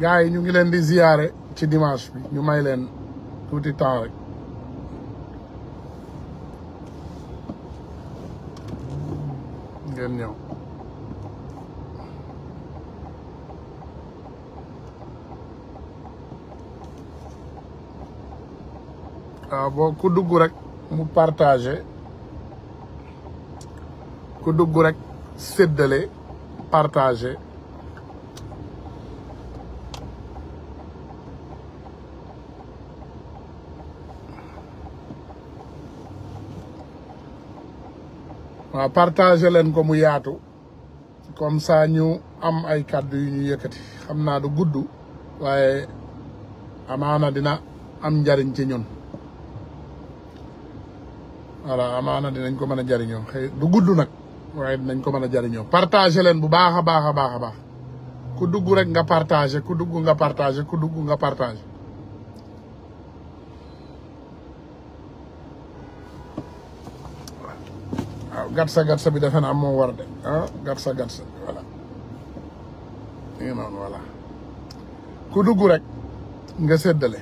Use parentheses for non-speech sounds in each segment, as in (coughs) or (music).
gars yi ñu ngi leen di ziyaare ci dimanche bi ñu may leen tuuti temps rek ngeen ñëw ah, boo ku dugg rek mu partagé ku dugg rek séddale partagé waaw partager leen ko mu yaatu comme ça ñu am ay kadd yu ñu yëkkati xam naa du gudd waaye amaana dina am njariñ ci ñun voilà amaana dinañ ko mën a jariñoo xëy du gudd nag waaye dinañ ko mën a jariñoo partager leen bu baax a baax ku dugg rek nga partager ku dugg nga partager ku dugg nga partager sa gatsa gatsa bi defe naa moo war de ah gatsa gatsa voilà ñu noonu voilà ku dugg rek nga séddale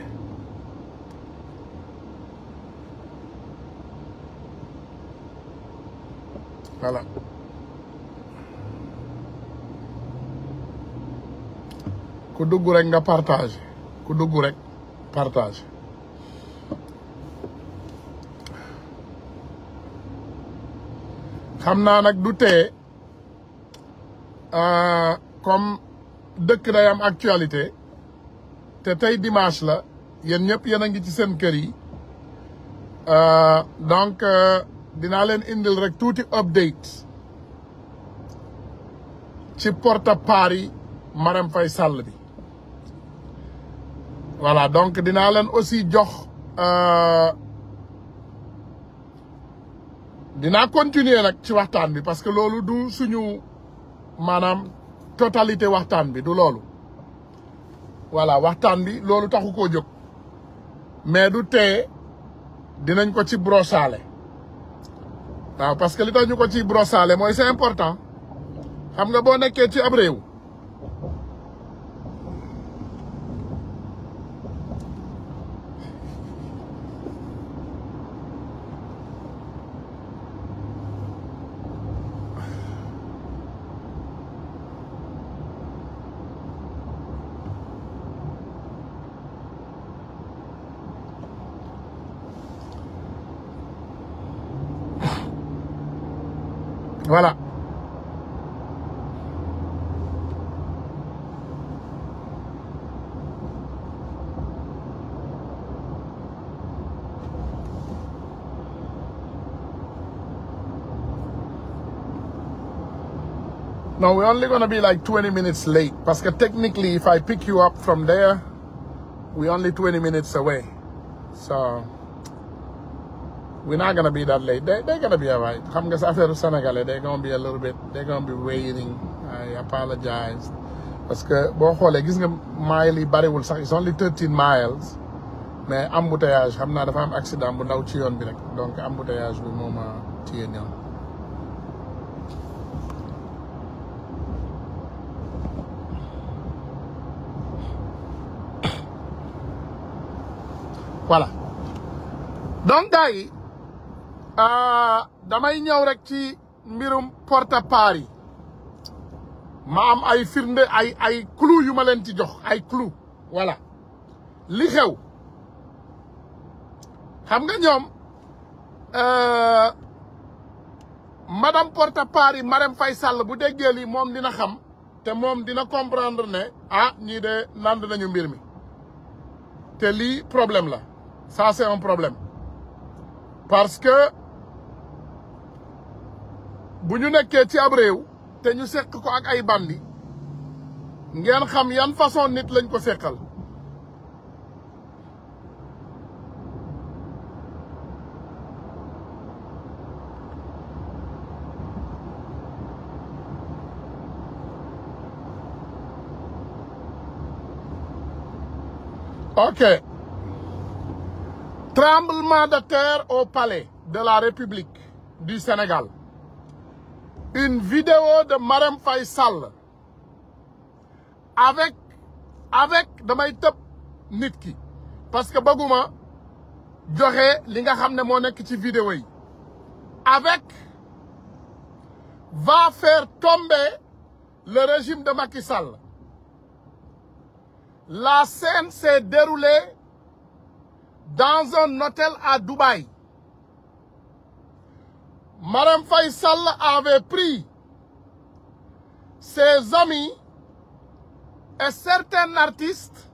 voilà ku dugg rek nga partage ku dugg rek partage xam naa nag du tee euh, comme dëkk day am actualité te tey dimanche la yéen ñëpp yéen a ngi ci seen kër yi euh, donc euh, dinaa leen indil rek tuuti update ci porte-parole yi Marème Faye bi voilà donc dinaa leen aussi jox. dinaa continuer nag ci waxtaan bi parce que loolu du suñu maanaam totalité waxtaan bi du loolu voilà waxtaan bi loolu taxu koo jóg mais du tee dinañ ko ci brossaale waaw parce que li tax ñu ko ci brossaale mooy c'est important xam nga boo nekkee ci ab réew voilà No, we're only going to be like 20 minutes late. Because technically, if I pick you up from there, we're only 20 minutes away. So... we're not gonna bii that late. They they're gonna be alright. Xam nga sa affaire Sénégalais they're gonna be a little bit they're gonna be waiting. I apologize. parce que boo xoolee gis nga mile yi bariwul sax it's only thirteen miles mais embouteillage xam naa dafa am accident bu ndaw ci yoon bi rek donc embouteillage bi moom a téye ñoom. donc gars yi Ah, damay ñëw rek ci mbirum porte part yi maam ay firnde ay ay clou yu ma ci jox ay clou voilà li xew xam nga ñoom euh, madame porte part yi Marème fay Sall bu déggee lii moom dina xam te moom dina comprendre ne ah ñii de nand nañu mbir mi te lii problème la ça est un problème parce que bu ñu nekkee ci ab réew te ñu seq ko ak ay bandi ngeen xam yan façon nit lañ ko seqal ok tremblement de terre au palais de la République du Sénégal une vidéo de Marème Faye Sall avec avec damay tëb nit ki parce que bëgguma joxe li nga xam ne moo nekk ci vidéo yi avec va faire tomber le régime de Macky la scène s'est déroulée dans un hôtel à Dubaï Madame Faisal avait pris ses amis et certains artistes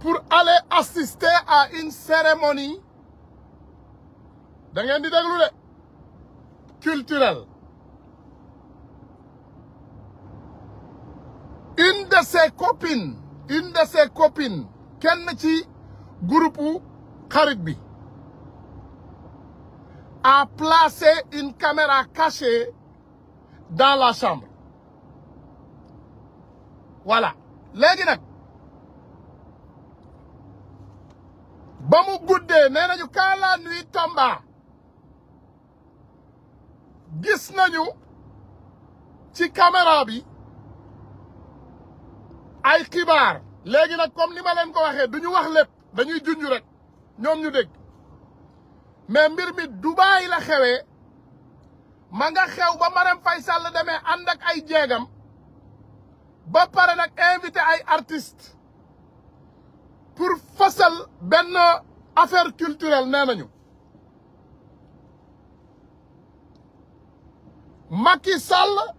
pour aller assister à une cérémonie da ngeen di déglu de culturelle une de ses copines une de ses copines kenn ci gurupu xarit bi a placé une caméra cachée dans la chambre voilà léegi nag ba mu guddee nee nañu quand la nuit gis nañu ci caméra bi ay xibaar léegi nag comme ni ma leen ko waxee duñu wax lépp dañuy junj rek ñoom ñu dégg mais mbir mi Dubaay la xewee ma nga xew ba Marème Faye Sall deme ànd ak ay jéegam ba pare nag invité ay artistes pour fasal benn affaire culturelle nee nañu Macky Sall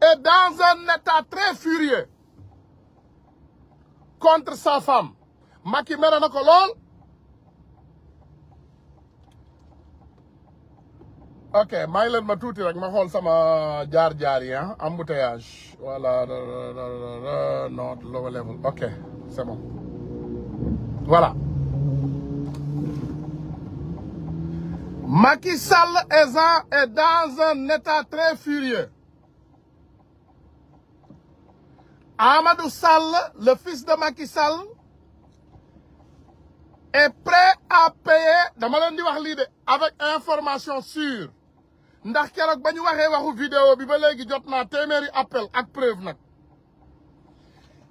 est dans un état très furieux contre sa femme Macky mere na ko lool ok may leen ma tuuti rek ma xool sama jaar-jaar yi ah embouteillage voilà non low level ok c'est bon voilà Macky est dans un état très furieux Amadou Sall le fils de Macky Sall est prêt à payer dama leen di wax lii de avec information sûre ndax keroog ba ñu waxee waxu vidéo bi ba léegi jot naa téeméeri appel ak preuve nag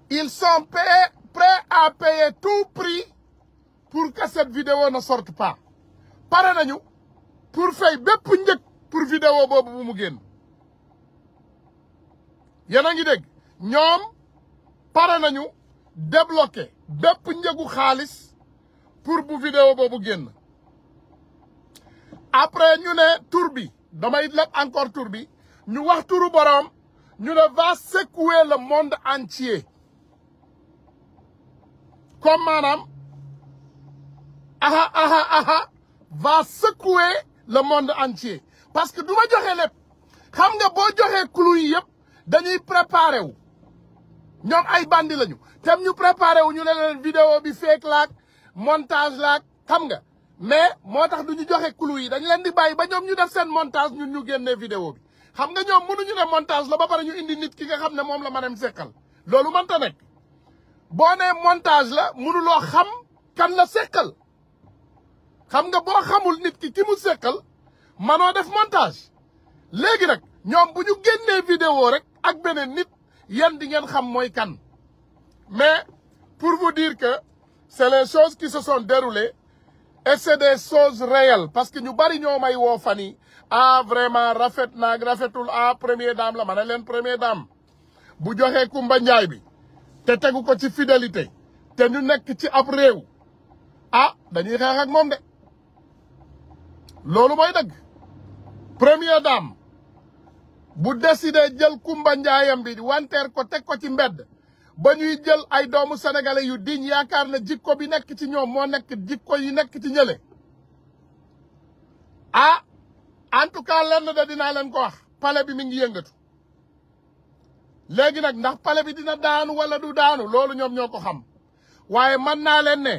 ils sont payés prêts à payer tout prix pour que cette vidéo na sorte pas pare nañu pour fay bépp njëg pour vidéo boobu bu mu génn yéen a ngi dégg ñoom pare nañu débloqué bépp njëgu xaalis pour bu vidéo boobu génn après ñu ne tur bi damay leb encore tur bi ñu wax turu boroom ñu ne va secouer la monde entier comme maanaam aha aha aha va secouer le monde entier parce que du ma joxe lépp xam nga boo joxee clou yi yëpp dañuy préparé wu ñoom ay bandi lañu tem ñu préparé wu ñu ne leen bi fake laak montage laak xam nga mais moo tax du ñu joxe clou yi dañ leen di bàyyi ba ñoom ñu def seen montage ñun ñu génnee vidéo xam nga ñoom mënuñu ne montage la ba ñu indi nit ki nga xam ne moom la ma dem sekkal loolu mënta nekk boo nee montage la mënuloo xam kan la sekkal xam nga boo xamul nit ki ki mu sekkal manoo def montage léegi nag ñoom bu ñu génnee vidéo rek ak beneen nit yéen di ngeen xam mooy kan mais pour vous dire que c'est les choses qui se sont déroulées e c'est des choses réelles parce que ñu bari ñoo may woo fan yi ah, vraiment rafet naag rafetul ah premier dame la ma ne leen première dame bu joxee Kumba Njaay bi te tegu ko ci fidélité te ñu nekk ci ab réew ah dañuy xeex ak moom de loolu mooy dëgg premier dame bu décidé jël Kumba Njaayam bi wanteer ko teg ko ci mbedd ba ñuy jël ay doomu sénégalais yu diñ yaakaar ne jikko bi nekk ci ñoom moo nekk jikko yi nekk ci ñële ah en tout cas lenn da dinaa leen ko wax pale bi mi ngi yëngatu léegi nag ndax pale bi dina daanu wala du daanu loolu ñoom ñoo ko xam waaye man naa leen ne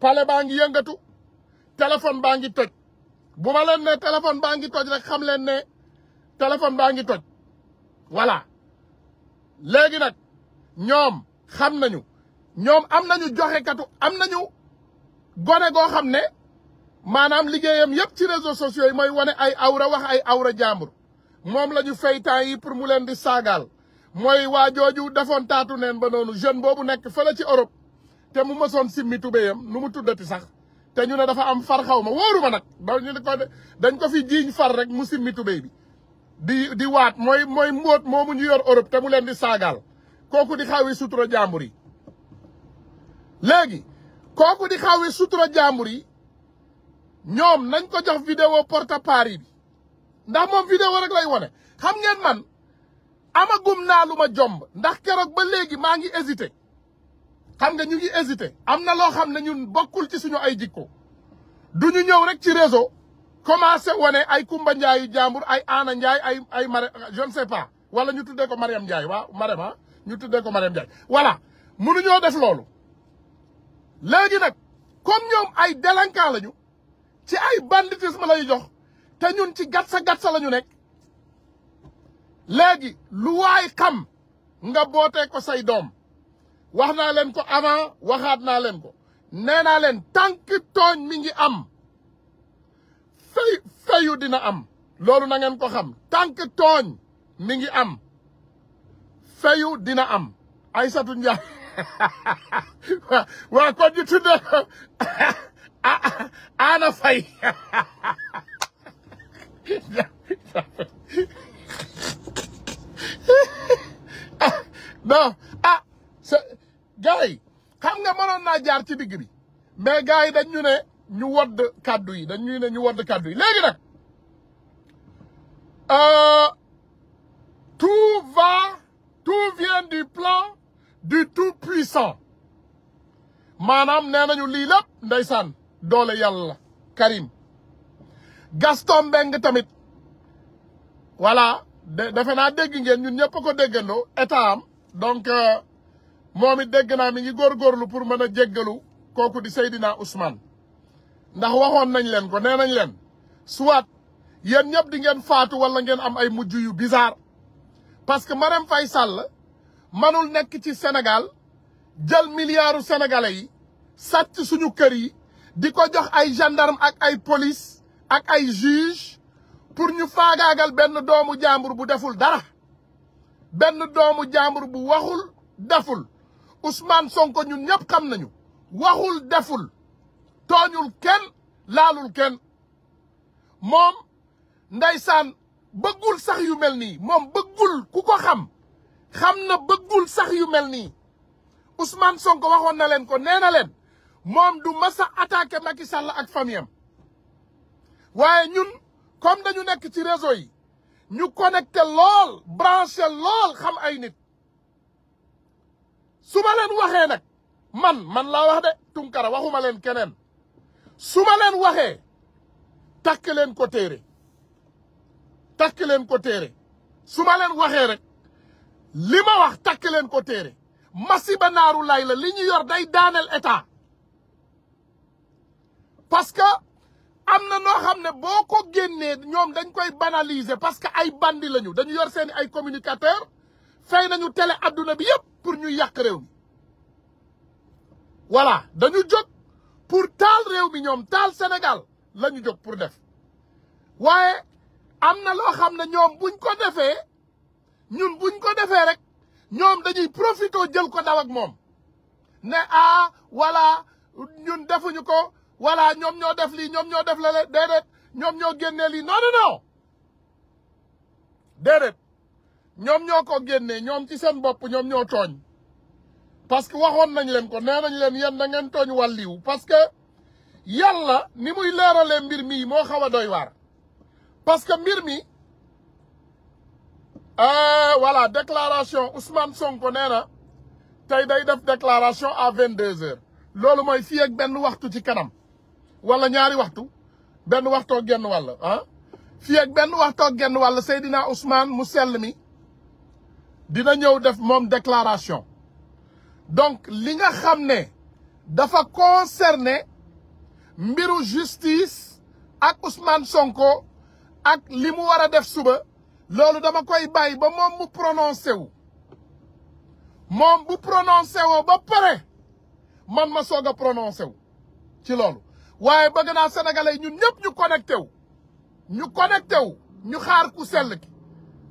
pale baa ngi yëngatu téléphone baa ngi toj bu ma leen ne téléphone baa ngi toj rek xam leen ne téléphone baa ngi toj voilà léegi nag ñoom xam nañu ñoom am nañu joxekatu am nañu gone goo xam ne maanaam liggéeyam yëpp ci réseaux sociaux yi mooy wane ay awra wax ay awra jàmbur moom la ñu fay temps yi pour mu leen di saagaal mooy waa jooju defoon taatu neen ba noonu jeune boobu nekk fële ci Europe te mu mësoon simmi tubéyam nu mu tuddati sax te ñu ne dafa am far xaw ma wóoru ma nag dañu ko dañ ko fi jiiñ far rek mu simmi tubéy bi di di waat mooy mooy mboot moomu ñu yor Europe te mu leen di saagaal kooku di xawee sutura jàmbur yi léegi kooku di xawee sutura jàmbur yi ñoom nañ ko jox vidéo porte Paris bi ndax moom vidéo rek lay wone xam ngeen man amagum naa ma jomb ndax keroog ba léegi maa ngi hésité xam nga ñu ngi hésité am na loo xam ne ñun bokkul ci suñu ay jikko du duñu ñëw rek ci réseau commencé wane ay Kumba Ndiaye yu jàmbur ay Aana Ndiaye ay ay Mare je ne sais pas wala ñu tuddee ko Mariam njaay waaw Marema ah. ñu tuddee ko Mariam Diagne voilà mënuñoo def loolu léegi nag kom ñoom ay délinquant lañu ci ay banditisme lañu jox te ñun ci gatsa gatsa lañu nekk léegi lu waay kam nga bootee ko say doom wax naa leen ko avant waxaat naa leen ko nee naa leen tànk tooñ mi ngi am fay fayu dina am loolu nangeen ngeen ko xam tànk tooñ mi ngi am fayu dina am Aysatu Njaay (laughs) waa kon ñu tudde (laughs) Ana Fay (laughs) non ah sa gars yi xam nga mënoon naa jaar ci digg bi mais gars yi dañu ne ñu wodd kàddu yi dañu ne ñu wodd kàddu yi léegi nag euh, tout tout vient du plan du tout puissant maanaam nee nañu lii lépp ndeysaan doole yàlla Karim Gaston Mbengue tamit voilà defe naa dégg ngeen ñun ñëpp a ko déggandoo état am donc euh, moom it dégg naa góor ngi góorgóorlu pour mën a jéggalu kooku di Seydina Ousmane ndax waxoon nañ leen ko nee nañ leen soit yéen ñëpp di ngeen faatu wala ngeen am ay mujj yu parce que Marème Faye Sall manul nekk ci Sénégal jël milliardu sénégalais yi sàcc suñu kër yi di ko jox ay gendarme ak ay police ak ay juge pour ñu faagaagal benn doomu jàmbur bu deful dara benn doomu jàmbur bu waxul deful Ousmane Sonko ñu ñëpp xam nañu waxul deful tooñul kenn laalul kenn moom ndeysaan bëggul sax yu mel nii moom bëggul ku ko xam xam na bëggul sax yu mel nii Ousmane Sonko waxoon na leen ko nee na leen moom du mas a attaqué Macky Sall ak famiyam waaye ñun comme dañu nekk ci réseau yi ñu connecté lool branché lool xam ay nit su ma leen waxee nag man man la wax de Tunkara waxuma leen keneen su ma leen waxee takk leen ko téere takk leen ko téere su ma leen waxee rek li ma wax takk leen ko téere masiba naaru lay la li ñu yor day daaneel état parce que am na noo xam ne boo ko génnee ñoom dañ koy banaliser parce que ay bandi lañu dañu yor seeni ay communicateur fay nañu tele adduna bi yëpp pour ñu yàq réew mi voilà dañu jóg pour taal réew mi ñoom taal Sénégal la ñu jóg pour def waaye am na loo xam na ñoom buñ ko defee ñun buñ ko defee rek ñoom dañuy profité jël ko daw moom ne aa ah, wala ñun defuñu ko wala ñoom ñoo def lii ñoom ñoo def lale déedéet ñoom ñoo génnee lii non non non ñoom ñoo ko génnee ñoom ci seen bopp ñoom ñoo tooñ parce que waxoon nañ leen ko nee nañ leen yéen da ngeen tooñ wàlliw parce que yàlla ni muy leeralee mbir mii moo xaw a doy waar parce que mbir mi euh, voilà déclaration Ousmane Sonko nee na tey day def déclaration à vingt deux heures loolu mooy fii ak benn waxtu ci kanam wala ñaari waxtu benn waxtoo genn wàll ah ak benn waxtoo genn wàll Seydina Ousmane mu sell mi dina ñëw def moom déclaration donc li nga xam ne dafa concerné mbiru justice ak Ousmane Sonko ak li mu war a def suba loolu dama koy bàyyi ba moom mu prononcé wu moom bu prononcé woo ba pare man ma soog a prononcé wu ci loolu waaye bëgg naa sénégalais yi ñun ñëpp ñu connecté wu ñu connecté ñu xaar ku sell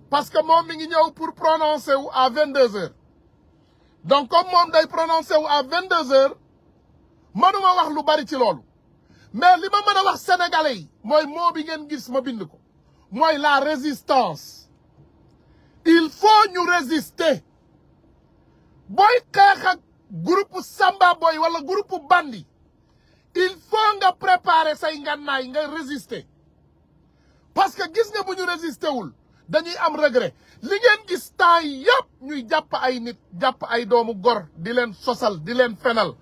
parce que moom mi ngi ñëw pour prononcé wu à vingt deux heures donc comme moom day prononcé wu à vingt mënuma wax lu bari ci loolu mais li ma mën a wax sénégalais yi mooy moo bi ngeen gis ma bind ko mooy la résistance il faut ñu résister booy xeex ak groupe Samba Boy wala groupe bandi il faut nga préparer say ngànnaay nga résisté parce que gis nga bu ñu résister wul dañuy am regret li ngeen gis temps yëpp ñuy jàpp ay nit jàpp ay doomu gor di leen sosal di leen fenal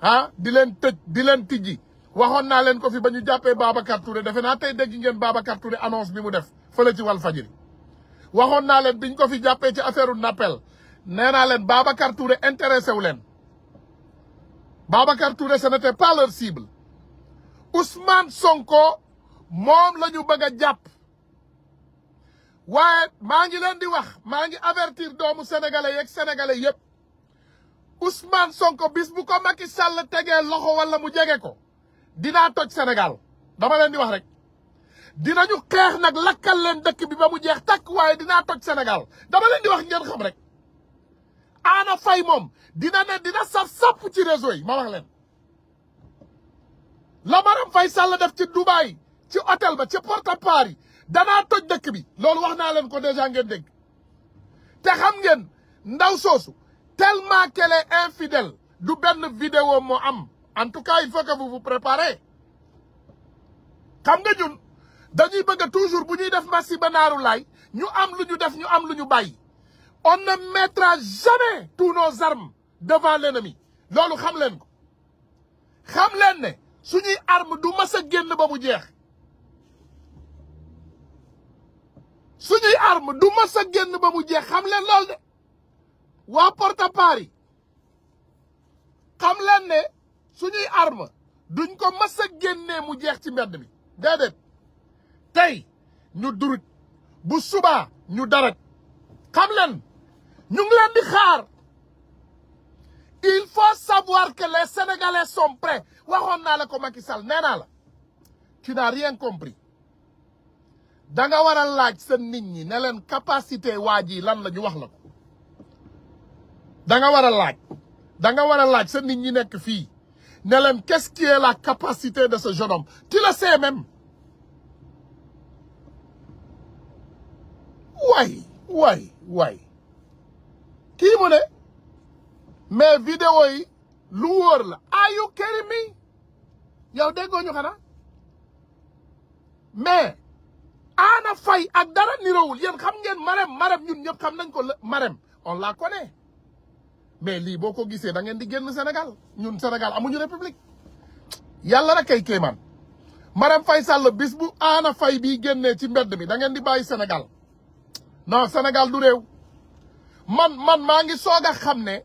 ah di leen tëj di leen tijji waxoon naa leen ko fi ba ñu jàppee Babacar Touré defe naa tey dégg ngeen Babacar Touré annonce bi mu def fële ci wal fajiri waxoon naa leen biñ ko fi jàppee ci affaire u nappel nee naa leen Babacar Touré intéressé wu leen Babacar Touré ce n'était cible Ousmane Sonko moom lañu ñu jàpp waaye maa ngi leen di wax maa ngi avertir doomu sénégalais yeg sénégalais yépp Ousmane Sonko bis bu ko Macky Sall tegee loxo wala mu jege ko dinaa toj Sénégal dama leen di wax rek dinañu xeex nag lakkal leen dëkk bi ba mu jeex takk waaye dinaa toj Sénégal dama leen di wax ngeen xam rek Ana Faye moom dina ne dina saf sapp ci réseau yi ma wax leen la Maram fay Sall def ci Dubaï ci hôtel ba ci Port-à-Paris yi toj dëkk bi loolu wax naa leen ko déjà ngeen dégg te xam ngeen ndaw soosu tellement qu'elle est infidèle du benn vidéo moo am en tout cas il faut que vous vous préparez xam nga ñun dañuy bëgg toujours bu ñuy def Massi ba naaru laay ñu am lu ñu def ñu am lu ñu bàyyi on ne mettra jamais tous nos armes devant l'ennemi loolu xam leen ko xam leen ne suñuy du mas a génn ba mu jeex suñuy arme du mas a ba mu jeex xam leen loolu de waa porte Paris xam suñuy arme duñ ko mas a génnee mu jeex ci mbedd mi déedéet tey ñu durut bu suba ñu darat xam leen ñu ngi leen di xaar il faut savoir que les sénégalais sont prêts waxoon naa la ko Macky Sall nee naa la tu n'as rien compris da nga laaj sa nit ñi ne leen capacité waa yi lan la ñu wax la ko da nga war a laaj da nga war a laaj sa nit ñi nekk fii ne leen quest la capacité de ce jeune homme tu le sais même waay waay waay kii mu ne mais vidéo yi lu wóor la are you kidding me yow déggoo ñu xanaa mais Anna Faye ak dara nirowul yéen xam ngeen Marème Marème ñun ñëpp xam nañ ko Marème on la connaît mais lii boo ko gisee da ngeen di génn senegal ñun Sénégal amuñu république yàlla rek kay kéemaan Marème Faye Sall bis bu Anna fay bii génnee ci mbedd mi da ngeen di bàyyi senegal non Sénégal du réew man man maa ngi soog a xam ne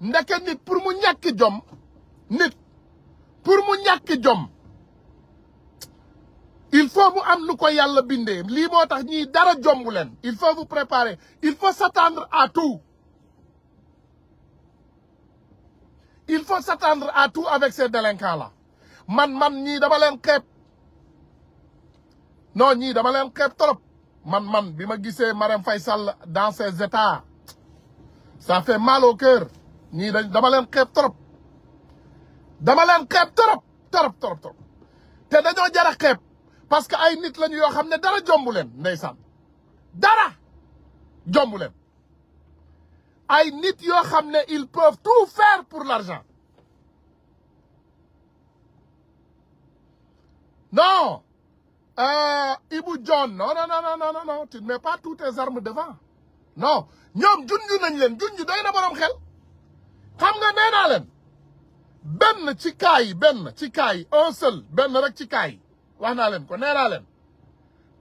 ndeke nit pour mu ñàkki jom nit pour mu ñàkki jom il faut mu am lu ko yàlla bindee lii moo tax ñii dara jombu leen il faut vous préparer il faut s'attendre à tout il faut s'attendre à tout avec ces délinquants man man ñii dama leen xeeb non ñii dama leen xeeb trop man man bi ma gisee Marème fay Sall dans ses états ça fait mal au cœur ñii dañ dama leen xeeb trop dama leen xeeb trop trop trop te dañoo jar a parce que ay nit lañu yoo xam ne dara jombuleen leen ndeysaan dara jombu ay nit yoo xam ne ils peuvent tout faire pour l'argent non euh, Ibou John non non non non non non tu ne mets pas toutes tes armes devant non ñoom junj nañ leen junj doy na borom xel xam nga nee naa leen benn ci kaa yi benn ci kaa yi un seul benn rek ci kaa yi wax naa leen ko nee naa leen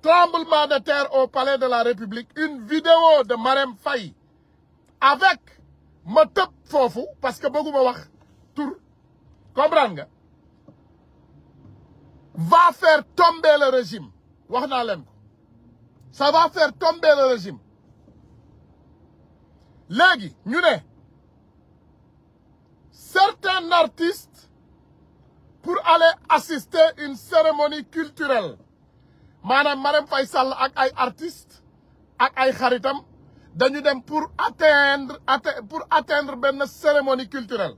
tremblement de terre au palais de la République une vidéo de Marème Faye avec ma foofu parce que bëgguma wax tur comprendre nga va faire tomber le régime wax naa leen ko va faire tomber le régime léegi ñu ne certains artistes pour aller assister une cérémonie culturelle maanaam Marème fay Sall ak ay artistes ak ay xaritam dañu dem pour atteindre pour atteindre benn cérémonie culturelle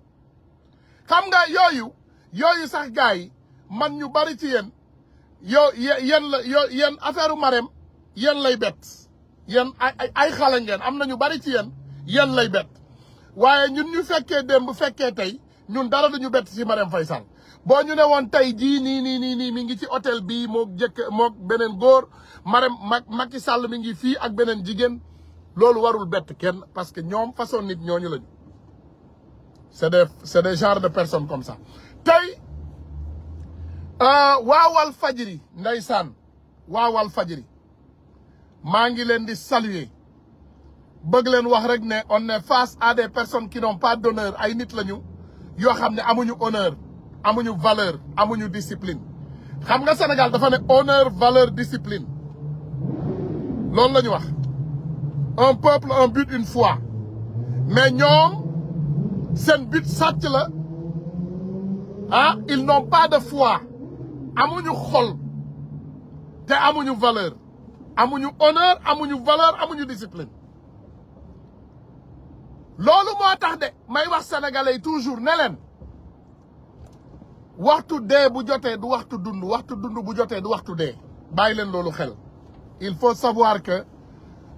xam nga yooyu yooyu sax gars yi man ñu bari ci yéen yoo yéen la yoo affaire u Marème yéen lay bett yéen ay ay xale ngeen am na ñu bari ci yéen yéen lay bett waaye ñun ñu fekkee démb fekkee tey ñun dara ñu bett ci Marème Faye Sall boo ñu ne woon tey jii nii nii nii nii mi ngi ci hôtel bii moo jëkk moo beneen góor Marème Macky Sall mi ngi fii ak beneen jigéen loolu warul bett kenn parce que ñoom façon nit ñooñu lañu c'est des c'est des genres de personnes comme ça tey euh, waawal fajiri ndeysaan waawal fajiri maa ngi leen di saluer bëgg leen wax rek ne on est face à des personnes qui n'ont pas d'honneur ay nit lañu yoo xam ne amuñu honneur amuñu valeur amuñu discipline xam nga Sénégal dafa ne honneur valeur discipline loolu la ñu wax un peuple un but une foi mais ñoom seen but sàcc la ah ils n'ont pas de foi amuñu xol te amuñu valeur amuñu honneur amuñu valeur amuñu discipline loolu moo tax de may wax sénégalais toujours neleen waxtu dee bu jotee du waxtu dund waxtu dund bu jotee du waxtu dee bàyyi leen loolu xel il faut savoir que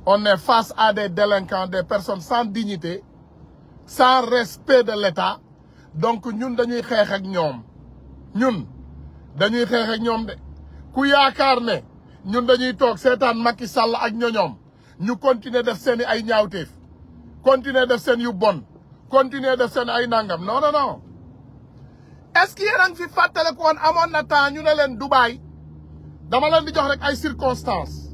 on ne face à des délinquants des personnes sans dignité sans respect de l'État donc ñun dañuy xeex ak ñoom ñun dañuy xeex ak ñoom de ku yaakaar ne ñun dañuy toog seetaan Macky Sall ak ñoñoom ñu continuer def seen i ay ñaawteef continuer def seen yu bon continuer def seeni ay nangam non non non est-ce que yéen a ngi fi fàttale ko woon amoon na temps ñu ne leen Dubaï dama leen di jox rek ay circonstances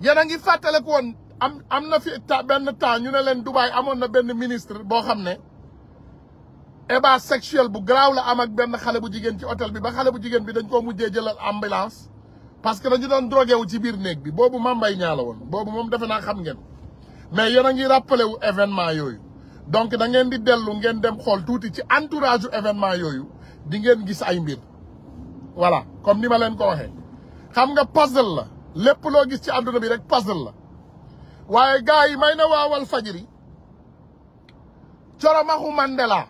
yéen a ngi fàttaleku woon am am na fi benn temps ñu ne leen Dubaï amoon na benn ministre boo xam ne ébat sexuel bu garaaw la am benn xale bu jigéen ci hôtel bi ba xale bu jigéen bi dañ koo mujjee jëlal ambulance parce que dañu doon drogué ci biir néeg bi boobu mambay ñaa la woon boobu moom defe naa xam ngeen mais yéen a ngi rappelé wu événement yooyu donc da ngeen di dellu ngeen dem xool tuuti ci entourage événement yooyu di ngeen gis ay mbir voilà comme ni ma leen ko waxee xam nga puzzle la lépp loo gis ci àdduna bi rek puzzle la waaye gars yi may na waawal fajiri Choromakhou Mandela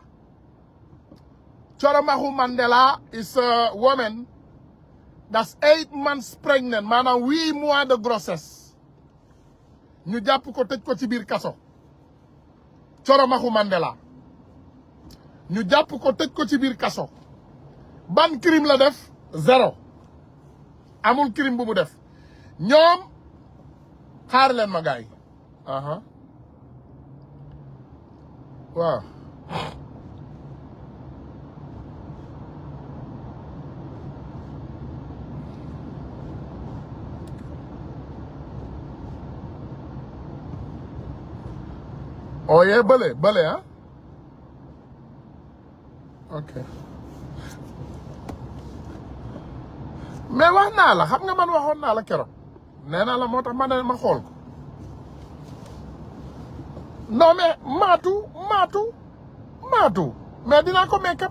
Choromakhou Mandela is a woman that's eight months pregnant maanaam huit mois de grossesse ñu jàpp ko tëj ko ci biir kaso Choromakhou Mandela ñu jàpp ko tëj ko ci biir kaso ban crime la def zéro amul kirim bu mu def ñoom xaar leen ma aha waaw ooyee oh, bële bële ah ok mais wax naa la xam nga man waxoon naa la keroog nee naa la moo tax ma ma xool ko non mais maatu maatu maatu mais dinaa ko make dina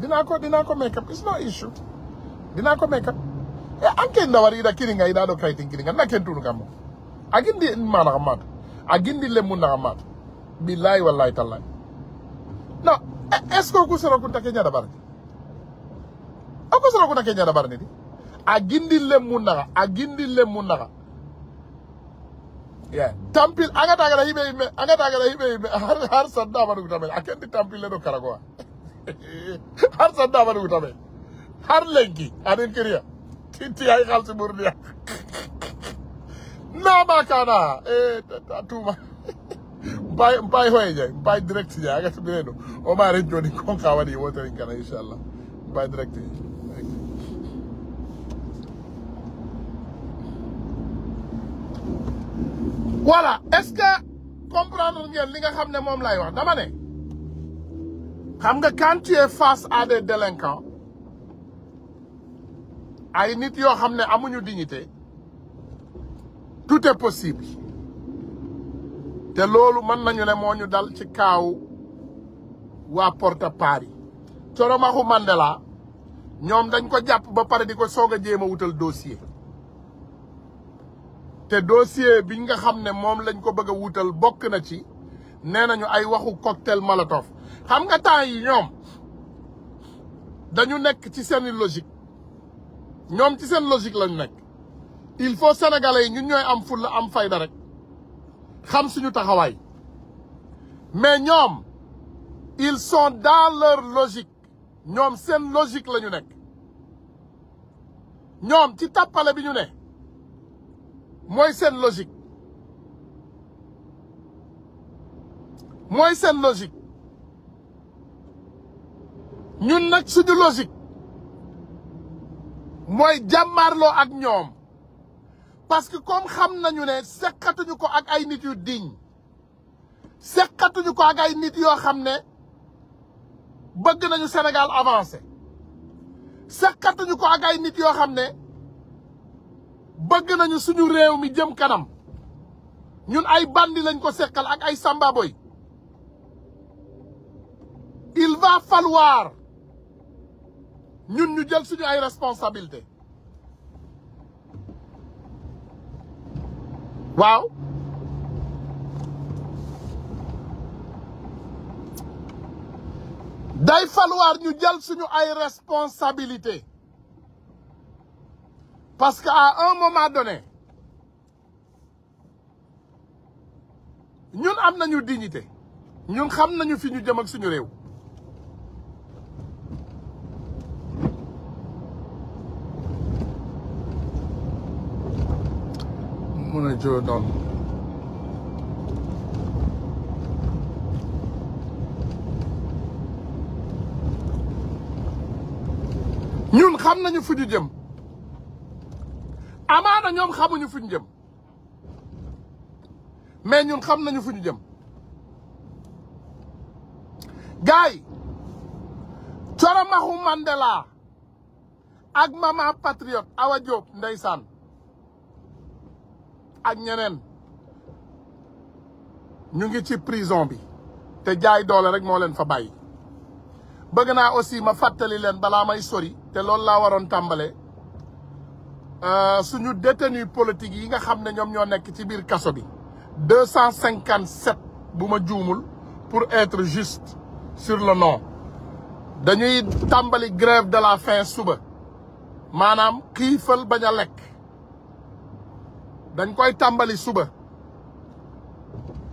dinaa ko dinaa ko make up it's no issue dinaa ko make up e eh, anken da wari ida kiringa ida do kaitin kiringa na ken tunu kamo agindi mana kamat agindi le mun kamat billahi wallahi tallahi no eh, esko kusero kunta kenya da barni ako sero kunta kenya da barni di aguindille munnaga aguindille munnaga ye tampil angatagata hiɓe yimme angatagata hiɓe yimme har saddama ɗum tamen a kendi tampille ɗo kara goa (laughs) har saddama ɗum tamen har lenki aɗen kiriya titiyay halsi ɓurdiya (laughs) nama kana e tuma (laughs) mbay mbay hoye jay mbay direct ja agata ɓire ɗo oma ren joni konka waɗi woterin kana inchallah mbay direct ji voilà est-ce que comprendre ngeen li nga xam ne moom lay wax dama ne xam nga quand tu es face à ay nit yoo xam ne amuñu dignité tout est possible te loolu mën nañu ne moo ñu dal ci kaaw waa Porta Paris Coromakhou Mandela ñoom dañ ko jàpp ba pare di ko soog a jéem a wutal dossier te dossier bi nga xam ne moom lañ ko bëgg wutal bokk na ci nee nañu ay waxu cocktail molotov xam nga temps yi ñoom dañu nekk ci seen logique ñoom ci seen logique lañu nekk il faut sénégalais yi ñu ñooy am fulla am fayda rek xam suñu taxawaay mais ñoom ils sont dans leur logique ñoom seen logique la ñu nekk ñoom ci tàppale bi ñu ne mooy seen logique mooy seen ñun nag suñu logique mooy jàmmaarloo ak ñoom parce que comme xam nañu ne seqatuñu ko ak ay nit yu diñ seqatuñu ko ak ay nit yoo xam ne bëgg nañu Sénégal avancé seqatuñu ko ak ay nit yoo xam ne bëgg nañu suñu réew mi jëm kanam ñun ay bandi lañ ko seqal ak ay sambaboy il va falloir ñun ñu jël suñu ay responsabilité waaw day falloir ñu jël suñu ay responsabilité Parce qu'à un moment donné, ñun am nañu dignité ñun xam nañu fi ñu jëm ak suñu réew mun a joo doon ñun xam nañu fi ñu jëm amaana ñoom xamuñu fu ñu jëm mais ñun xam nañu fu ñu jëm gaay coromaxu Mandela ak mama patriote Awa Diop ndeysaan ak ñeneen ñu ngi ci prison bi te jaay doole rek moo leen fa bàyyi bëgg naa aussi ma fàttali leen balaa may sori te loolu laa waroon tàmbale Euh, suñu détenu politique yi nga xam ne ñoom ñoo nekk ci biir kaso bi deux cent cinquante sept bu ma juumul pour être juste sur le nom dañuy tàmbali grève de la faim suba maanaam xiifal bañ a lekk dañ koy tàmbali suba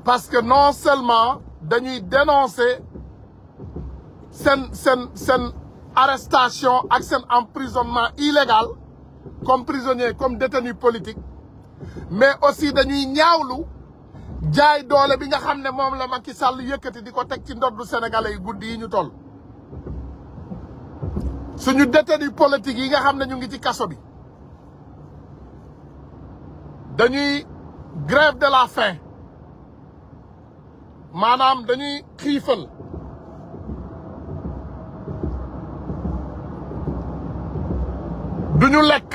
parce que non seulement dañuy dénoncer seen seen seen arrestation ak seen emprisonnement illégal comme prisonnier comme détenu politique mais aussi dañuy ñaawlu jaay doole bi nga xam ne moom la ki sàll yëkkati di ko teg ci ndoddu sénégalais yi guddi yi ñu toll suñu détenu politique yi nga xam ne ñu ngi ci kaso bi dañuy grève de la fin maanaam dañuy xiifal duñu lekk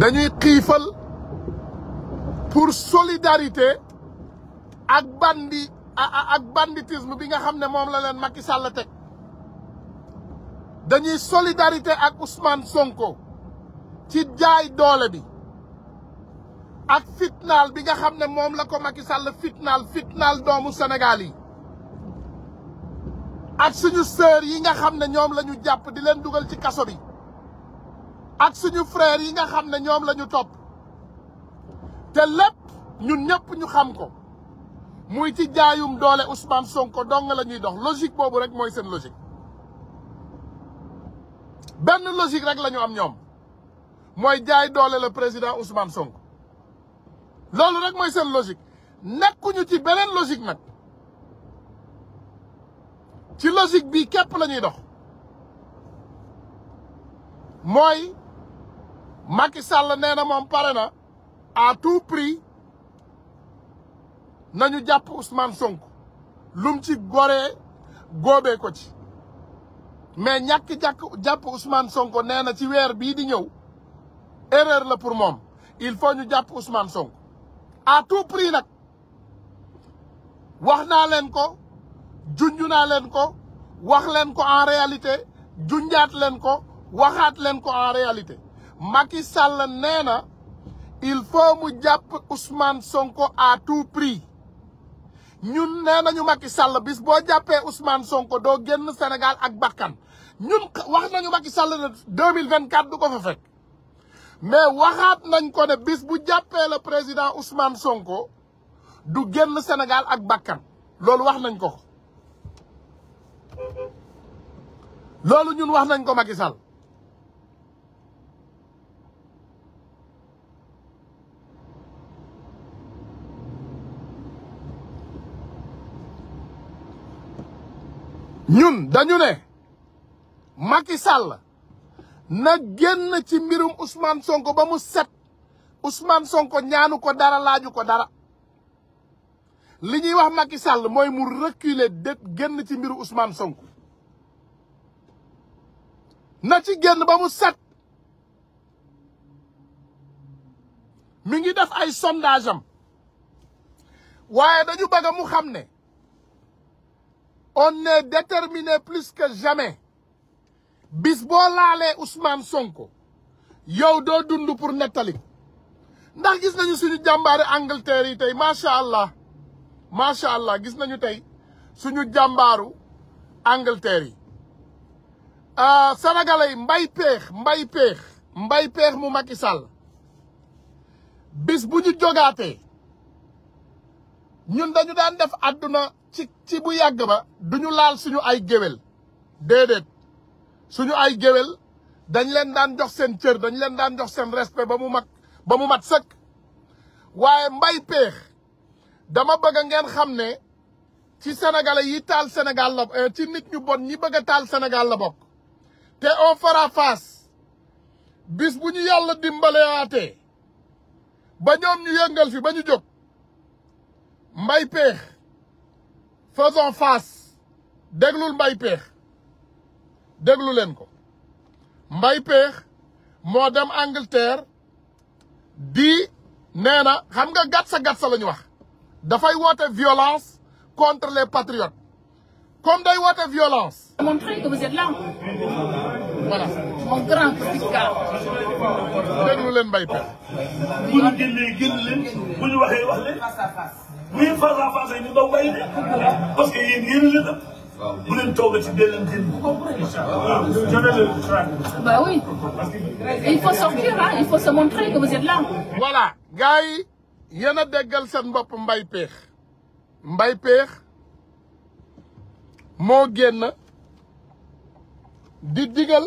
dañuy xiifal pour solidarité ak bandi ak banditisme bi nga xam ne moom la leen Macky Sall teg dañuy solidarité ak Ousmane Sonko ci jaay doole bi ak fitnaal bi nga xam ne moom la ko Macky Sall fitnaal fitnaal doomu Sénégal yi ak suñu sœur yi nga xam ne ñoom la ñu jàpp di leen dugal ci kaso bi ak suñu frère yi nga xam ne ñoom lañu topp te lépp ñun ñëpp ñu xam ko muy ci jaayum doole Ousmane Sonko dong la ñuy dox logique boobu rek mooy seen logique benn logique rek la am ñoom mooy jaay doole le président Ousmane Sonko loolu rek mooy seen logique nekkuñu ci beneen logique nag. ci logique bi képp la ñuy dox mooy Macky Sall nee na moom pare na à tout prix nañu jàpp Ousmane Sonko lum ci goree góobee ko ci mais ñàkk jàkk jàpp Ousmane Sonko nee na ci weer bii di ñëw erreur la pour moom il faut ñu jàpp Ousmane Sonko à tout prix nag wax naa leen ko junju naa leen ko wax leen ko en réalité junjaat leen ko waxaat leen ko en réalité Macky Sall nee na il faut mu jàpp Ousmane Sonko à tout prix ñun nee nañu Macky Sall bis boo jàppee Ousmane Sonko doo génn Sénégal ak bakkan ñun wax ñu Macky Sall ne deux mille vingt quatre du ko fa fek mais waxaat nañ ko ne bis bu jàppee la président Ousmane Sonko du génn Sénégal ak bakkan loolu wax nañ ko ko loolu ñun wax nañ ko makisal ñun dañu ne Macky Sall na génn ci mbirum Ousmane Sonko ba mu set Ousmane Sonko ñaanu ko dara laaju ko dara li ñuy wax Macky sàll mooy mu reculer de génn ci mbiru Ousmane sonk na ci génn ba mu set mu ngi def ay sondage waaye dañu bëgg mu xam ne on est déterminé plus que jamais bis boo laalee Ousmane sonk yow doo dund pour nettali ndax gis nañu suñu jàmbaari Angleterre yi tey macha allah. macha allah gis nañu tey suñu jàmbaaru Angleterre yi ah, sénégalais yi mbay peex mbay peex mbay peex mu Macky Sall bis bu ñu jogaatee ñun dañu daan def àdduna ci ci bu yàgg ba duñu laal suñu ay géwél déedéet suñu ay géwél dañ leen daan jox seen cër dañ leen daan jox seen respe ba mu mag ba mu mat sëkk waaye mbay peex dama bëgg ngeen xam ne ci sénégalais yi taal Sénégal la euh, ci taal Sénégal la bokk te on fera face bis bu ñu yàlla dimbalewaatee ba ñoom ñu yëngal fi ba ñu jóg mbay peex faisons face déglul mbay peex déglu leen ko mbay peex moo dem Angleterre di nee na xam nga gatsa gatsa la ñu wax dafay woote violence contre les patriotes comme day woote violence. montrer que vous êtes là. voilà mon grand syndicat. déglu leen Mbaye Pekh. bu ñu génnee génn leen bu ñu waxee wax leen. bu ñu face à face ñu doon bàyyi de. parce que yéen yéen leen am. bu leen toog ci dee leen génn. bah oui il faut sortir ah il faut se montrer que vous êtes là. voilà gars yi. yéen a déggal seen bopp mbay peex mbay peex moo génn di digal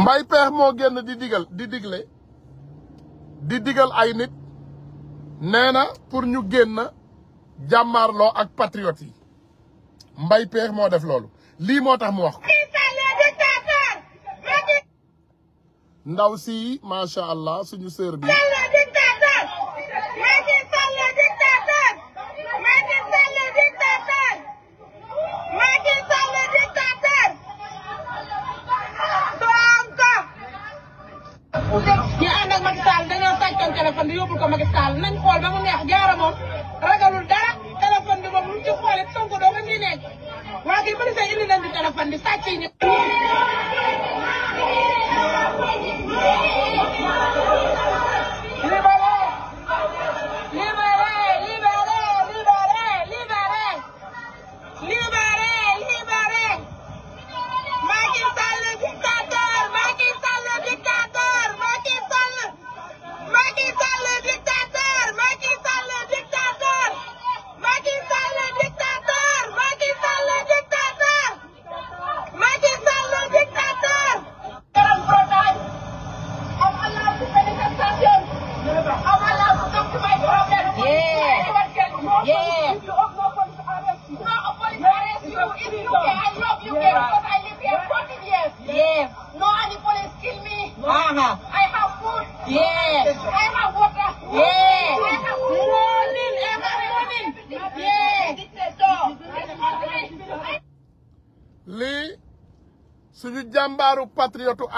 mbay peex moo génn di digal di digle di digal ay nit nee na pour ñu génn jàmmaarloo ak patriote yi mbay peex moo def loolu lii moo tax mu wax ko ndaw si macha allah suñu sœur bi. ñi ànd ak Macky Sall dañoo sàccoon téléphone bi yóbbul ko Macky Sall nañ xool ba mu neex jaara ragalul dara téléphone bi moom lu ci xoolee Sonko doo ko waa kay police indi nañ di téléphone di sàcc yi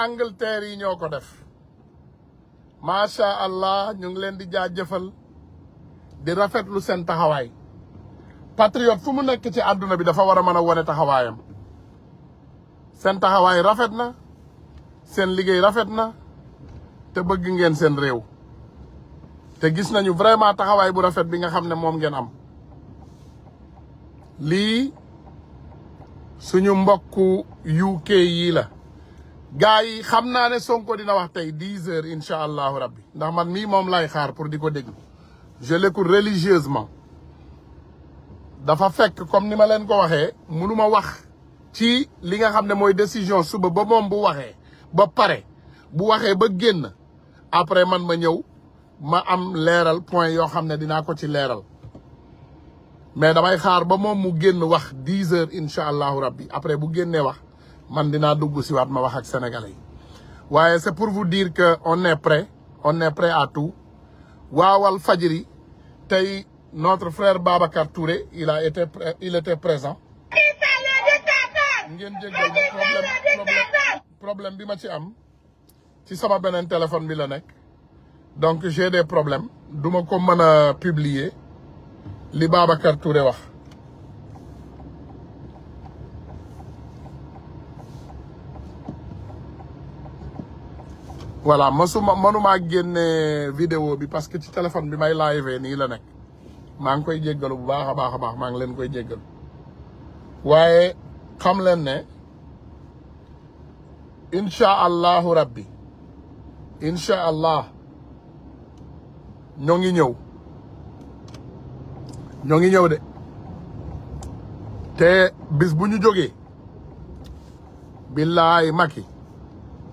Angleterre yi ñoo ko def macha allah ñu ngi leen di jëfal di rafetlu seen taxawaay patriote fu mu nekk ci àdduna bi dafa war a mën a wone taxawaayam seen taxawaay rafet na seen liggéey rafet na te bëgg ngeen seen réew te gis nañu vraiment taxawaay bu rafet bi nga xam ne moom ngeen am lii suñu mbokku UK yii la gars yi xam naa ne Sonko dina wax tey dix heures incha allahu rabbi ndax man mii moom lay xaar pour di ko déglu je l'écoute religieusement dafa fekk comme ni ma leen ko waxee munu ma wax ci li nga xam ne mooy décision suba ba moom bu waxee ba pare bu waxee ba génn après man ma ñëw ma am leeral point yoo xam ne dinaa ko ci leeral mais damay xaar ba moom mu génn wax dix heures incha allahu rabbi après bu génnee wax man dinaa dugg si waat ma wax ak sénégalais waaye c'est pour vous dire que on est prêt on est prêt à tout waawal fajiri tey notre frère Babacar Touré il a été présent. ngeen jéggal problème bi ma ci am ci sama beneen téléphone bi la nekk donc j'ai des problèmes duma ko mën a publier li Babacar Touré wax. voilà masuma manuma génne vidéo bi parce que ci téléphone bi may live nii la nekk maa ngi koy jéggalu bu baax a baax a baax ngi leen koy jéggalu waaye xam leen ne incha allahu rabbi incha allah ñoo ngi ñëw ñoo ngi ñëw de te bis bu ñu jógee billaay Macky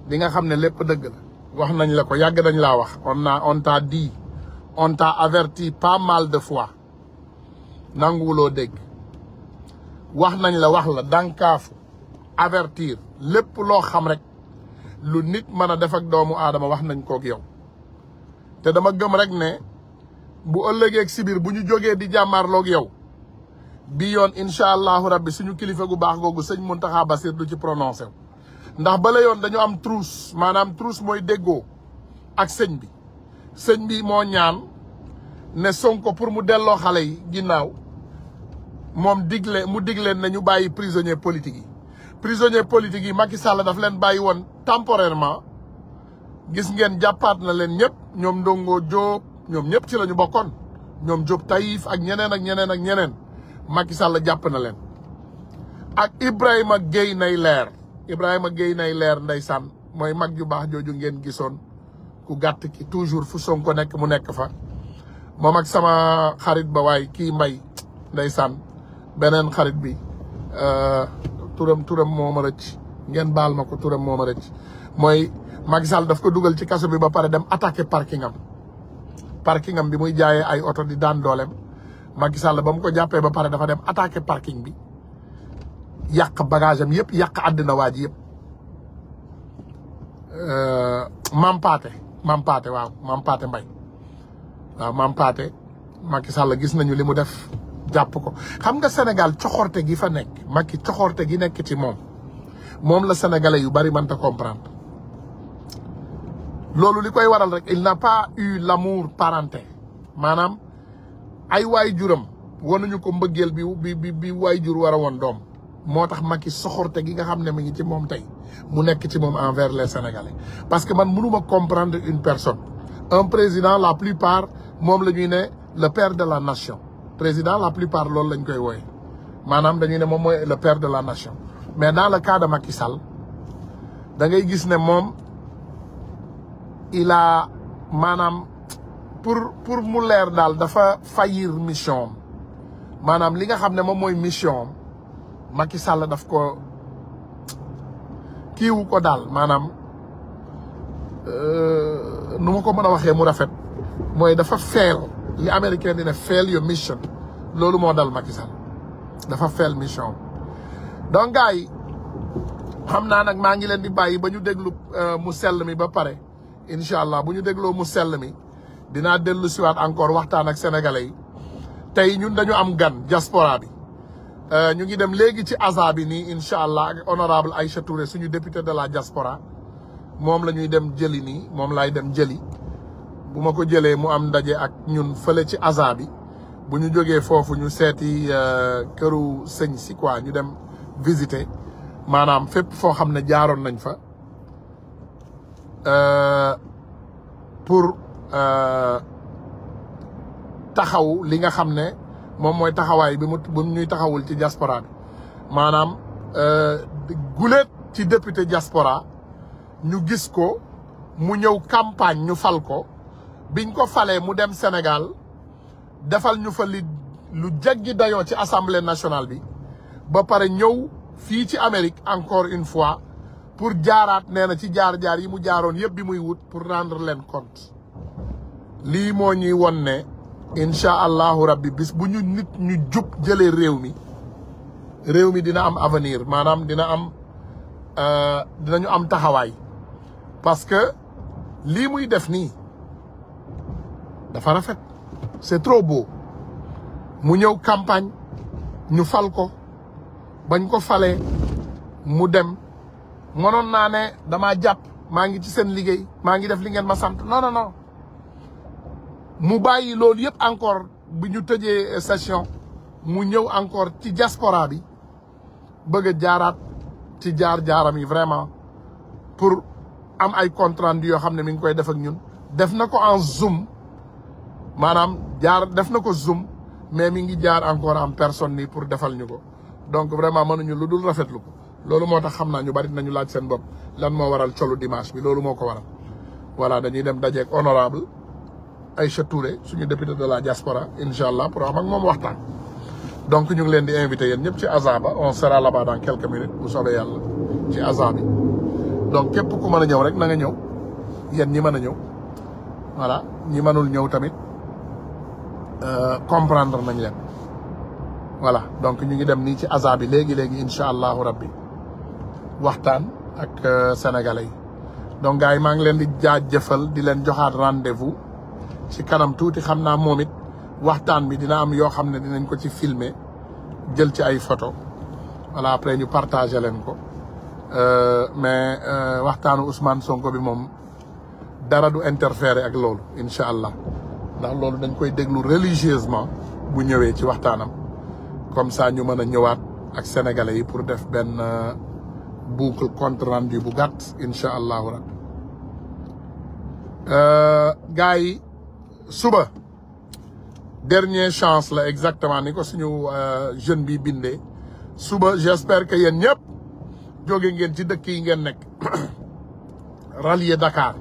di nga xam ne lépp dëgg la wax nañ la ko yàgg dañ laa wax on a on t'a dit on t'a averti pas mal de fois nanguwuloo dégg wax nañ la wax la dànkaafu avertir lépp loo xam rek lu nit mën a def ak doomu aadama wax nañ kook yow te dama gëm rek ne bu ëllëgeeg si biir bu ñu jógee di jàmmaarloog yow bii yoon incha allahu rabbi suñu kilifa gu baax googu sëñ Muntaxa Basir du ci prononcé ndax bala yoon dañu am trousse maanaam trousse mooy déggoo ak sëñ bi sëñ bi moo ñaan ne Sonko pour mu delloo xale yi ginnaaw moom digle mu digleen na ñu bàyyi prisonnier politique yi prisonnier politique yi Macky Sall daf leen bàyyi woon temporairement gis ngeen jàppaat na leen ñëpp ñoom ndongo Diop ñoom ñëpp ci la ñu bokkoon ñoom Diop Taïf ak ñeneen ak ñeneen ak ñeneen Macky Sall jàpp na leen ak ibrahim Ibrahima Gueye nay leer Ibrahima Gueye nay leer ndeysaan mooy mag ju baax jooju ngeen gisoon ku gàtt ki toujours fu Sonko nekk mu nekk fa moom ak sama xarit ba waay kii mbay ndeysaan beneen xarit bi euh, turam turam moo ma rëcc ngeen baal ma ko turam moo ma rëcc mooy Macky Sall daf ko dugal ci kaso bi ba pare dem attaqué parking am parking am bi muy jaayee ay oto di daan dooleem Macky Sall ba mu ko jàppee ba pare dafa dem attaqué parking bi yàq bagage am yëpp yàq àddina waa ji yëpp euh, maam Paate maam Paate waaw maam Paate Mbaye waaw maam Paate Macky Sall gis nañu li mu def jàpp ko xam nga Sénégal coxorte gi fa nekk Macky coxorte gi nekk ci moom moom la sénégalais yu bari mënta comprendre loolu li koy waral rek il n'a pas eu l'amour parenté maanaam ay waay juram wanuñu ko mbëggeel bi bi bi waay jur wara a woon doom moo tax Macky soxorte gi nga xam ne mi ngi ci moom tey mu nekk ci moom envers les sénégalais parce que man mënuma comprendre une personne un président la plupart moom la ñuy ne le per de la nation président la plupart loolu lañ koy woy maanaam dañuy ne moom mooy le père de la nation mais dans la cas de Macky Sall da ngay gis ne moom il a maanaam pour pour mu leer daal dafa faillir mission am maanaam li nga xam ne moom mooy mission am Macky Sall daf ko kiiwu ko daal maanaam euh, nu ma ko mën a waxee mu rafet mooy dafa fail li américain di ne fail your mission loolu moo dal Macky Sall dafa fail mission donc xam naa nag maa ngi leen di bàyyi ba ñu déglu euh, mu sell mi ba pare incha allah bu ñu dégloo mu sell mi dinaa dellu siwaat encore waxtaan ak sénégalais yi tey ñun dañu am gan diaspora bi Euh, ñu ngi dem léegi ci asa bi nii incha allah ak honorable Aïcha Touré suñu député de la diaspora moom la ñuy dem jëli ni moom laay dem jëli bu ma ko jëlee mu am ndaje ak ñun fale ci asa bi bu ñu jógee foofu ñu seeti euh, këru sëñ si quoi ñu dem visiter maanaam fépp foo xam ne jaaroon nañ fa euh, pour taxaw li nga xam ne moom mooy taxawaay bi mu ñuy taxawul ci diaspora bi maanaam euh, guléet ci député diaspora ñu gis ko mu ñëw campagne ñu fal ko biñ ko falee mu dem Sénégal defal ñu fa li lu jaggi dayoo ci assemblée nationale bi ba pare ñëw fii ci Amérique encore une fois pour jaaraat nee na ci jaar-jaar yi mu jaaroon yëpp bi muy wut pour rendre leen compte lii moo ñuy won ne incha allahu rabbi bis bu ñu nit ñu jub jëlee réew mi réew mi dina am avenir maanaam dina am euh, dinañu am taxawaay parce que lii muy def nii dafa rafet c'est trop beau mu ñëw campagne ñu fal ko bañ ko falee mu dem mënoon naa ne damaa jàpp maa ngi ci seen liggéey maa ngi def li ngeen ma sant non non non mu bàyyi loolu yëpp encore bi ñu tëjee session mu ñëw encore ci diaspora bi bëgg jaaraat ci jaar-jaaram yi vraiment pour am ay compte rendu yoo xam ne mi ngi koy defak ñun def na ko en zoom maanaam jaar def na ko zoom mais mi ngi jaar encore am personne nii pour defal ñu ko donc vraiment mënuñu lu dul rafetlu ko loolu moo tax xam naa ñu bari nañu laaj seen bopp lan moo waral colu dimanche bi loolu moo ko waral voilà dañuy dem dajeeg honorable ay Aïcha Touré suñu député de la diaspora incha allah pour am ak moom waxtaan. donc ñu ngi leen di invité yen ñëpp ci Aza on sera là-bas dans quelques minutes bu soobee yàlla ci Aza bi donc képp ku mën a ñëw rek na nga ñëw yéen ñi mën a ñëw voilà ñi mënul ñëw tamit euh, comprendre nañ leen. voilà donc ñu ngi dem ni ci Aza bi léegi léegi incha allahu rabbi waxtaan ak euh, sénégalais yi donc gars yi maa ngi leen di jaajëfal di leen joxaat rendez-vous. ci kanam tuuti xam naa moom it waxtaan bi dina am yoo xam ne dinañ ko ci filmer jël ci ay photo voilà après ñu partagé leen ko euh, mais euh, waxtaanu Ousmane Sonko bi moom dara du interférer ak loolu incha allah ndax loolu dañ koy déglu religieusement bu ñëwee ci waxtaanam comme ça ñu mën a ñëwaat ak sénégalais yi pour def benn euh, boucle compte rendu bu gàtt incha allahu rabbi gars yi suba dernier chance la exactement ni ko suñu euh, jeune bi bindee suba j'espère que yéen ñëpp jóge ngeen ci dëkk yi ngeen nekk (coughs) rallier Dakar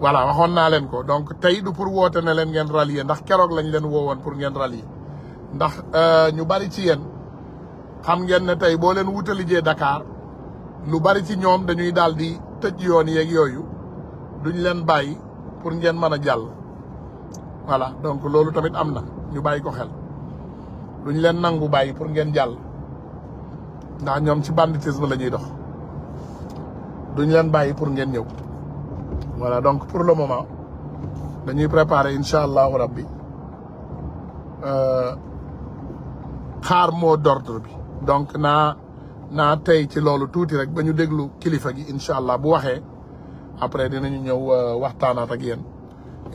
voilà waxoon naa leen ko donc tey du pour woote leen ngeen rallier ndax keroog lañ leen woowoon pour ngeen rallier ndax euh, ñu bari ci yen xam ngeen ne tey boo leen wutalijee Dakar lu bari ci ñoom dañuy daal di tëj yoon yeeg yooyu duñ leen bàyyi pour ngeen mën a jàll voilà donc loolu tamit am na ñu bàyyi ko xel duñ leen nangu bàyyi pour ngeen jàll ndaa ñoom ci banditisme la ñuy dox duñ leen bàyyi pour ngeen ñëw wala donc pour le dañuy préparer incha allahu rabbi euh, xaar moo d'ordre bi donc naa naa tey ci loolu tuuti rek ba ñu déglu kilifa gi incha allah bu waxee après dinañu ñëw euh, waxtaanaat ak yéen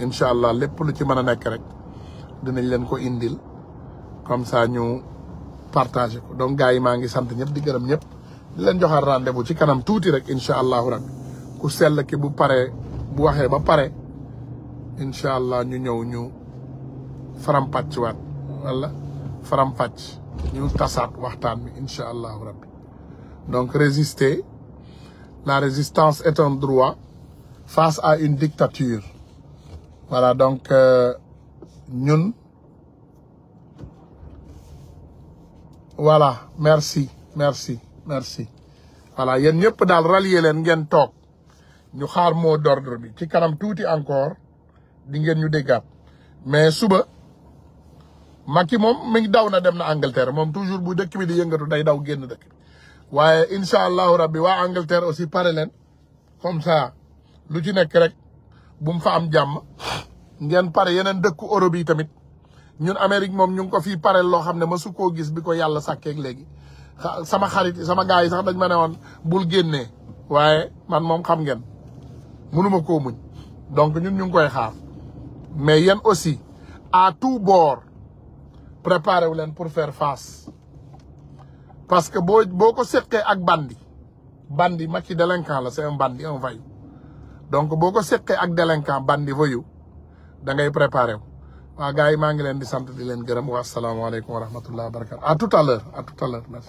incha allah lépp lu ci mën a nekk rek dinañ leen ko indil comme ça ñu partagé ko donc gars yi maa ngi sant ñëpp di gërëm ñëpp di leen joxaat rendez-vous ci kanam tuuti rek incha allahu rabbi ku sell ki bu pare bu waxee ba pare incha allah ñu ñëw ñu farampàcc waat wala farampàcc ñu tasaat waxtaan bi incha allahu rabbi donc résister la résistance est un droit face à une dictature voilà donc euh, ñun voilà merci merci merci voilà yéen ñëpp daal rallier leen ngeen toog ñu xaar mot d'ordre bi ci kanam tuuti encore di ngeen ñu déggaat mais suba Macky moom mi ngi daw na dem na Angleterre moom toujours bu dëkk bi di yëngatu day daw génn dëkk bi waaye incha allahu rabbi waa Angleterre aussi pare leen comme ça lu ci nekk rek bu mu fa am jàmm ngeen pare yeneen dëkku Europe yi tamit ñun Amérique moom ñu ngi ko fi pareel loo xam ne ma su koo gis bi ko yàlla sàkkeeg léegi sama xarit sama gars yi sax dañ ma ne woon bul génnee waaye man moom xam ngeen mënuma ko muñ donc ñun ñu ngi koy xaar mais yéen aussi à tout bord préparé wu leen pour fair face parce que boo boo ko seqee ak bandi bandi ma ci délinquant la c'est un bandi un voyou donc boo ko seqee ak délinquant bandi voyou da ngay préparé wu waa gars yi maa ngi leen di sant di leen gërëm wa asalaamaaleykum wa rahmatullah wa barakatu à tout à l'heure à tout à l'heure